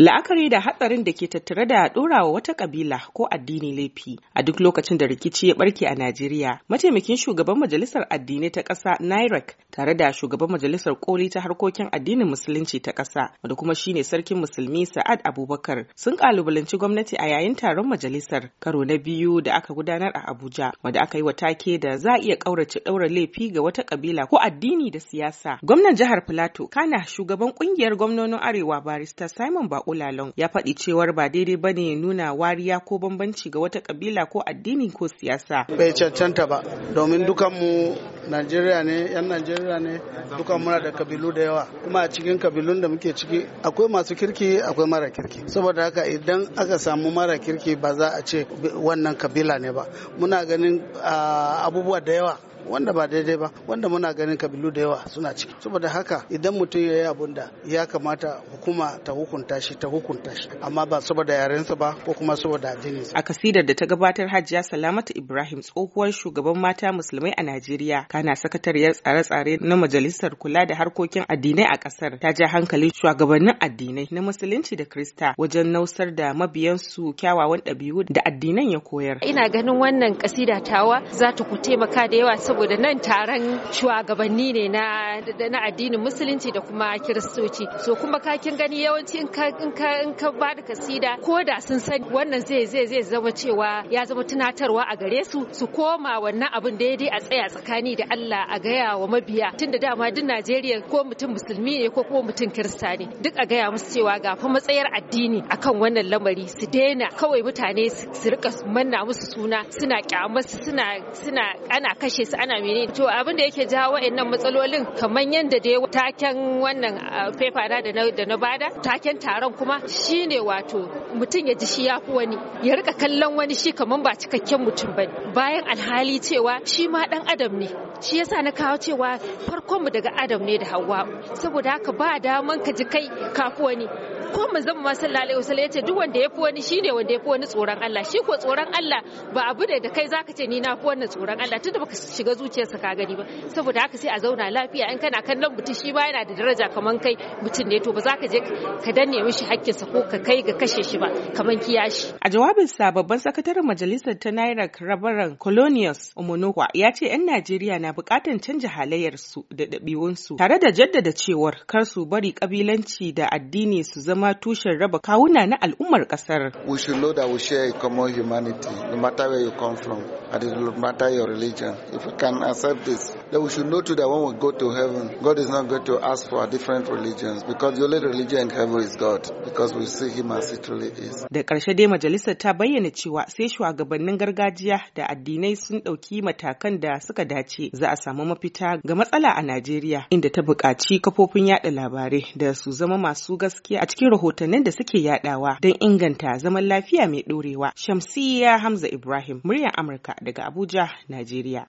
La'akari da hatsarin da ke tattare da ɗorawa wata ƙabila ko addini laifi a duk lokacin da rikici ya ɓarke a Najeriya. Mataimakin shugaban majalisar addinai ta ƙasa NIREC tare da shugaban majalisar koli ta harkokin addinin musulunci ta ƙasa wanda kuma shine sarkin musulmi Sa'ad Abubakar sun kalubalanci gwamnati a yayin taron majalisar karo na biyu da aka gudanar a Abuja wanda aka yi wa take da za a iya ƙaurace ɗaura laifi ga wata ƙabila ko addini da siyasa. Gwamnan jihar Filato kana shugaban ƙungiyar gwamnonin Arewa barista Simon Bako kulalon ya faɗi cewar ba daidai ba ne nuna wariya ko bambanci ga wata kabila ko addini ko siyasa. Bai cancanta ba domin dukanmu Najeriya ne, 'yan Najeriya ne, dukan muna da kabilu da yawa. Kuma a cikin kabilun da muke ciki akwai masu kirki akwai mara kirki. Saboda haka idan aka samu mara kirki ba za a ce wannan kabila ne ba. Muna ganin ah, abubuwa da yawa wanda ba daidai ba wanda muna ganin kabilu da yawa suna ciki saboda haka idan mutum ya yi abun da ya kamata hukuma ta hukunta shi ta hukunta shi amma ba saboda yarensa ba ko kuma saboda addininsa a kasidar da ta gabatar hajiya salamatu ibrahim tsohuwar shugaban mata musulmai a najeriya kana sakatariyar tsare-tsare na majalisar kula da harkokin addinai a kasar ta ja hankalin shugabannin addinai na musulunci da krista wajen nausar da mabiyan su kyawawan ɗabi'u da addinan ya koyar ina ganin wannan kasida tawa za ta ku taimaka da yawa saboda nan taron shugabanni ne na addinin musulunci da kuma kiristoci so kuma ka kin gani yawanci in ka ba da kasida ko da sun sani. wannan zai zai zai zama cewa ya zama tunatarwa a gare su su koma wannan abin daidai a tsaya tsakani da Allah a gaya wa mabiya tunda dama duk Najeriya ko mutum musulmi ne ko kuma mutum kirista ne duk a gaya musu cewa ga fa matsayar addini akan wannan lamari su daina kawai mutane su rika manna musu suna suna kyamar suna suna ana kashe su ana mene to abin da yake jawo wa'annan matsalolin kamar yadda da ya taken wannan fefa uh, na da na bada taken taron kuma shine wato mutum ya ji shi ya fi wani ya rika kallon wani shi kamar ba cikakken mutum bane bayan alhali cewa shi ma dan adam ne shi yasa na kawo cewa farkon mu daga adam ne da hawa saboda haka ba daman ka ji kai kafu wani ko mu zama ma sallallahu alaihi wasallam yace duk wanda fi wani shine wanda yafi wani tsoron Allah shi ko tsoron Allah ba abu ne da kai zaka ce ni na fi wannan tsoron Allah tunda baka shiga zuciyarsa ka gani ba saboda haka sai a zauna lafiya in kana kallon mutum shi ba yana da daraja kaman kai mutum ne to ba za ka je ka danne mishi hakkinsa ko ka kai ga kashe shi ba kaman kiyashi a jawabin sa babban sakataren majalisar ta Naira Rabaran Colonius Omonokwa ya ce 'yan Najeriya na na bukatan canja halayyarsu da ɗabi'unsu tare da jaddada cewar kar su bari kabilanci da addini su zama tushen raba kawuna na al'ummar ƙasar. We should know that we share a common humanity no matter where you come from and no matter your religion. If we can accept this, that we should know too that when we go to heaven, God is not going to ask for different religions because the only religion in heaven is God because we see Him as he truly is. Da ƙarshe dai majalisar ta bayyana cewa sai shugabannin gargajiya da addinai sun ɗauki matakan da suka dace za a samu mafita ga matsala a Najeriya inda ta buƙaci kafofin yada labarai da su zama masu gaskiya a cikin rahotannin da suke yadawa don inganta zaman lafiya mai ɗorewa. Shamsiyya Hamza Ibrahim, muryar Amurka daga Abuja, Najeriya.